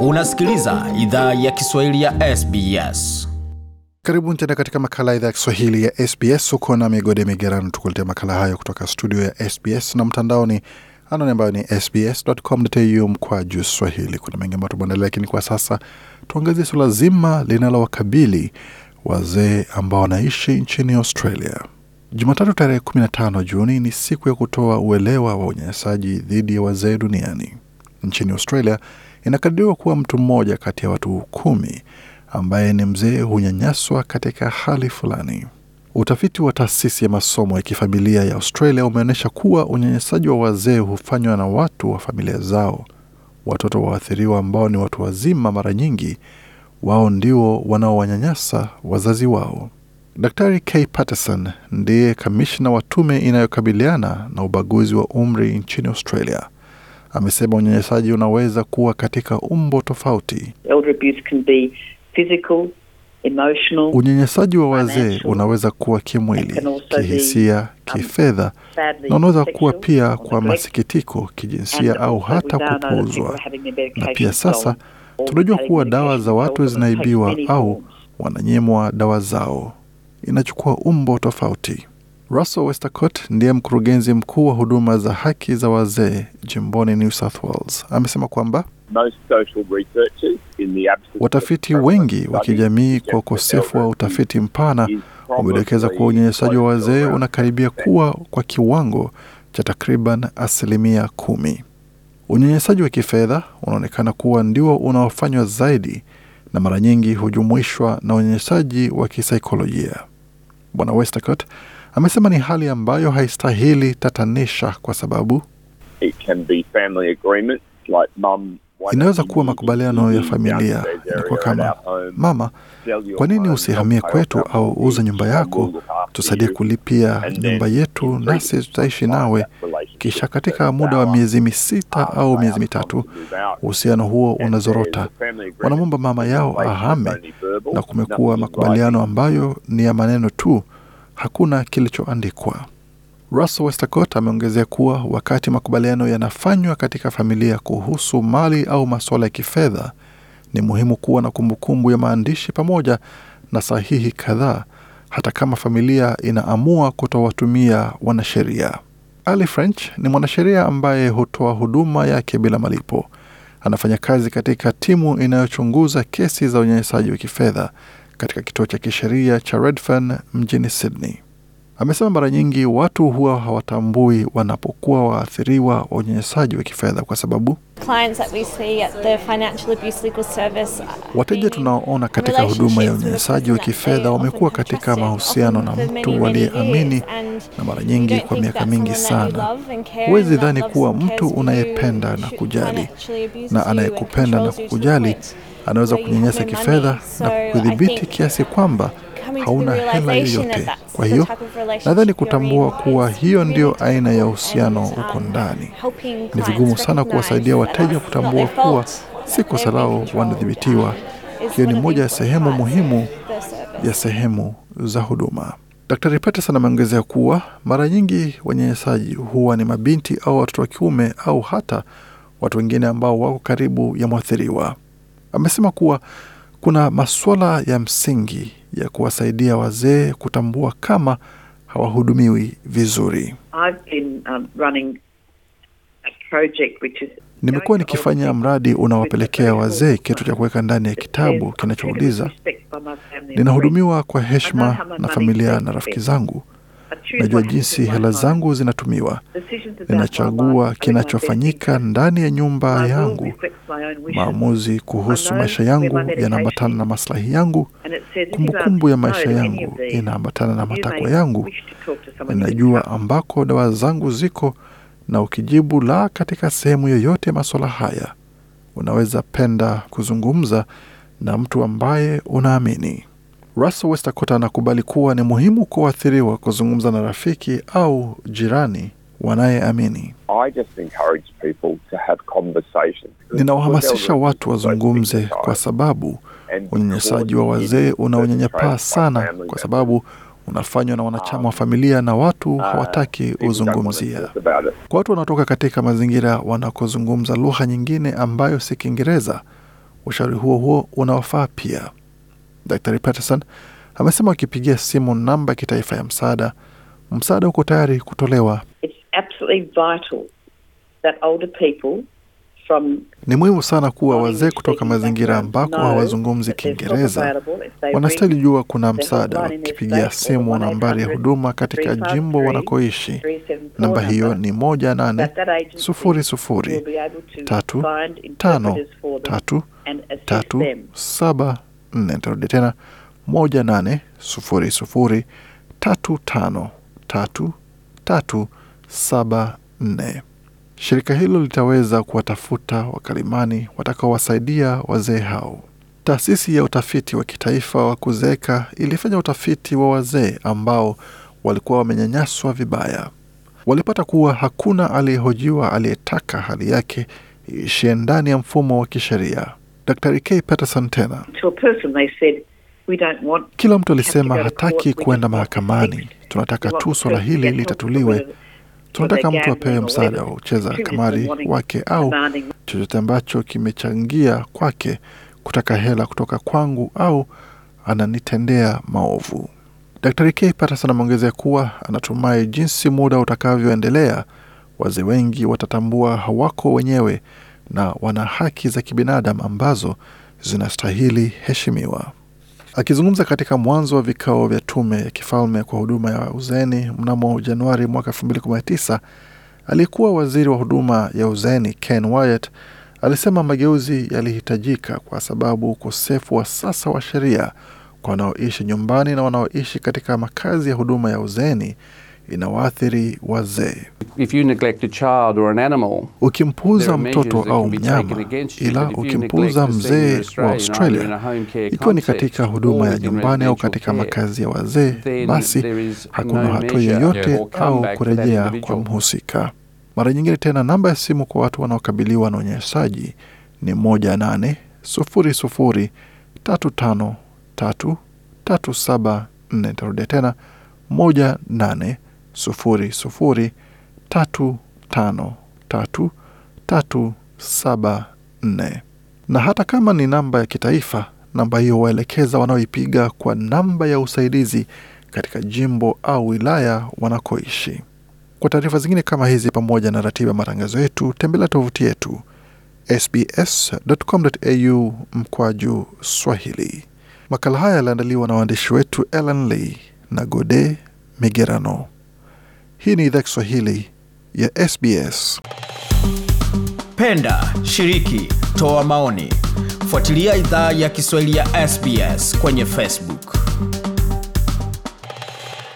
Unasikiliza idhaa ya Kiswahili ya SBS. Karibu tena katika makala idhaa ya Kiswahili ya SBS. Uko na Migode Migerano tukuletea makala hayo kutoka studio ya SBS na mtandaoni anwani ambayo ni sbs.com.au mkwa juu swahili. Kuna mengi ambayo tumeandalia, lakini kwa sasa tuangazie suala zima linalowakabili wazee ambao wanaishi nchini Australia. Jumatatu tarehe 15 Juni ni siku ya kutoa uelewa wa unyanyasaji dhidi ya wazee duniani. Nchini Australia Inakadiriwa kuwa mtu mmoja kati ya watu kumi ambaye ni mzee hunyanyaswa katika hali fulani. Utafiti wa taasisi ya masomo ya kifamilia ya Australia umeonyesha kuwa unyanyasaji wa wazee hufanywa na watu wa familia zao. Watoto waathiriwa ambao ni watu wazima, mara nyingi wao ndio wanaowanyanyasa wazazi wao. Daktari K Patterson ndiye kamishna wa tume inayokabiliana na ubaguzi wa umri nchini Australia. Amesema unyanyasaji unaweza kuwa katika umbo tofauti. Unyanyasaji wa wazee unaweza kuwa kimwili, kihisia, um, kifedha na unaweza kuwa pia kwa masikitiko, kijinsia au hata kupuuzwa. Na pia sasa tunajua kuwa dawa za watu zinaibiwa au wananyimwa dawa zao, inachukua umbo tofauti. Russell Westacott ndiye mkurugenzi mkuu wa huduma za haki za wazee jimboni New South Wales amesema kwamba watafiti wengi wa kijamii kwa ukosefu wa utafiti mpana wamedokeza kuwa unyanyasaji wa wazee unakaribia kuwa kwa kiwango cha takriban asilimia kumi. Unyanyasaji wa kifedha unaonekana kuwa ndio unaofanywa zaidi na mara nyingi hujumuishwa na unyanyasaji wa kisaikolojia. Bwana Westacott Amesema ni hali ambayo haistahili tatanisha kwa sababu It can be family agreement, like inaweza kuwa makubaliano ya familia. Inakuwa kama mama, kwa nini usihamie kwetu au uuze nyumba yako, tusaidie kulipia nyumba yetu, nasi tutaishi nawe, kisha katika muda wa miezi misita au miezi mitatu uhusiano huo unazorota. Wanamwomba mama yao ahame, na kumekuwa makubaliano ambayo ni ya maneno tu hakuna kilichoandikwa. Russell Westcott ameongezea kuwa wakati makubaliano yanafanywa katika familia kuhusu mali au masuala ya kifedha, ni muhimu kuwa na kumbukumbu ya maandishi pamoja na sahihi kadhaa, hata kama familia inaamua kutowatumia wanasheria. Ali French ni mwanasheria ambaye hutoa huduma yake bila malipo. Anafanya kazi katika timu inayochunguza kesi za unyanyasaji wa kifedha katika kituo cha kisheria cha Redfern mjini Sydney. Amesema mara nyingi watu huwa hawatambui wanapokuwa waathiriwa wa unyanyasaji wa kifedha kwa sababu wateja tunaoona katika huduma ya unyanyasaji wa kifedha wamekuwa katika mahusiano na mtu waliyeamini, na mara nyingi kwa miaka mingi sana. Huwezi dhani kuwa mtu unayependa na kujali na anayekupenda na kukujali anaweza kunyanyasa kifedha na kudhibiti kiasi kwamba hauna hela yoyote. Kwa hiyo nadhani kutambua kuwa hiyo ndiyo aina ya uhusiano huko um, ndani. Ni vigumu sana kuwasaidia wateja kutambua kuwa si kosa lao, wanadhibitiwa. Hiyo ni moja ya sehemu muhimu ya sehemu za huduma. Daktari Peterson ameongezea kuwa mara nyingi wanyanyasaji huwa ni mabinti au watoto wa kiume au hata watu wengine ambao wako karibu ya mwathiriwa amesema kuwa kuna masuala ya msingi ya kuwasaidia wazee kutambua kama hawahudumiwi vizuri. Um, Nimekuwa nikifanya mradi unawapelekea wazee kitu cha kuweka ndani ya kitabu kinachouliza, ninahudumiwa kwa heshima na familia na rafiki zangu Najua jinsi hela zangu zinatumiwa. Ninachagua kinachofanyika ndani ya nyumba yangu. Maamuzi kuhusu maisha yangu yanaambatana na maslahi yangu. Kumbukumbu ya maisha yangu inaambatana na matakwa yangu. Ninajua ambako dawa zangu ziko, na ukijibu la katika sehemu yoyote ya masuala haya, unaweza penda kuzungumza na mtu ambaye unaamini. Russell West anakubali kuwa ni muhimu kwa kuzungumza na rafiki au jirani wanayeamini. Ninawahamasisha watu wazungumze, kwa sababu unyanyasaji wa wazee unaonyanyapaa sana, kwa sababu unafanywa na wanachama wa familia na watu hawataki uzungumzia. Kwa watu wanaotoka katika mazingira wanakozungumza lugha nyingine ambayo si Kiingereza, ushauri huo huo unawafaa pia. Daktari Patterson amesema wakipigia simu namba ya kitaifa ya msaada, msaada uko tayari kutolewa. Ni muhimu sana kuwa wazee kutoka mazingira ambako hawazungumzi Kiingereza wanastahili jua kuna msaada. Wakipigia simu nambari ya huduma katika jimbo wanakoishi, namba hiyo ni moja nane sufuri sufuri tatu tano tatu tatu saba nne. Nitarudia tena moja nane sufuri sufuri tatu tano tatu tatu saba nne. Shirika hilo litaweza kuwatafuta wakalimani watakaowasaidia wazee hao. Taasisi ya utafiti wa kitaifa wa kuzeeka ilifanya utafiti wa wazee ambao walikuwa wamenyanyaswa vibaya. Walipata kuwa hakuna aliyehojiwa aliyetaka hali yake iishie ndani ya mfumo wa kisheria. Daktari K Patterson tena kila mtu alisema hataki kuenda mahakamani, tunataka tu swala hili litatuliwe. Tunataka mtu apewe msaada wa ucheza kamari wake au chochote ambacho kimechangia kwake kutaka hela kutoka kwangu au ananitendea maovu. Daktari K Patterson ameongezea kuwa anatumai jinsi muda utakavyoendelea, wazee wengi watatambua hawako wenyewe na wana haki za kibinadamu ambazo zinastahili heshimiwa. Akizungumza katika mwanzo wa vikao vya tume ya kifalme kwa huduma ya uzeni mnamo Januari mwaka 2019, aliyekuwa waziri wa huduma ya uzeni Ken Wyatt alisema mageuzi yalihitajika kwa sababu ukosefu wa sasa wa sheria kwa wanaoishi nyumbani na wanaoishi katika makazi ya huduma ya uzeni inawaathiri wazee. Ukimpuuza mtoto au mnyama, ila ukimpuuza mzee wa Australia, ikiwa ni katika huduma ya nyumbani au katika makazi ya wazee, basi hakuna hatua yoyote au kurejea kwa mhusika. Mara nyingine tena, namba ya simu kwa watu wanaokabiliwa na unyanyasaji ni moja nane sufuri sufuri tatu tano tatu tatu saba nne. Tarudia tena moja nane sufuri sufuri tatu tano tatu tatu saba nne. Na hata kama ni namba ya kitaifa, namba hiyo waelekeza wanaoipiga kwa namba ya usaidizi katika jimbo au wilaya wanakoishi. Kwa taarifa zingine kama hizi pamoja na ratiba matangazo yetu, tembelea tovuti yetu sbs.com.au mkwaju Swahili. Makala haya yaliandaliwa na waandishi wetu Ellen Lee na Gode Migerano. Hii ni idhaa Kiswahili ya SBS. Penda, shiriki, toa maoni, fuatilia idhaa ya Kiswahili ya SBS kwenye Facebook.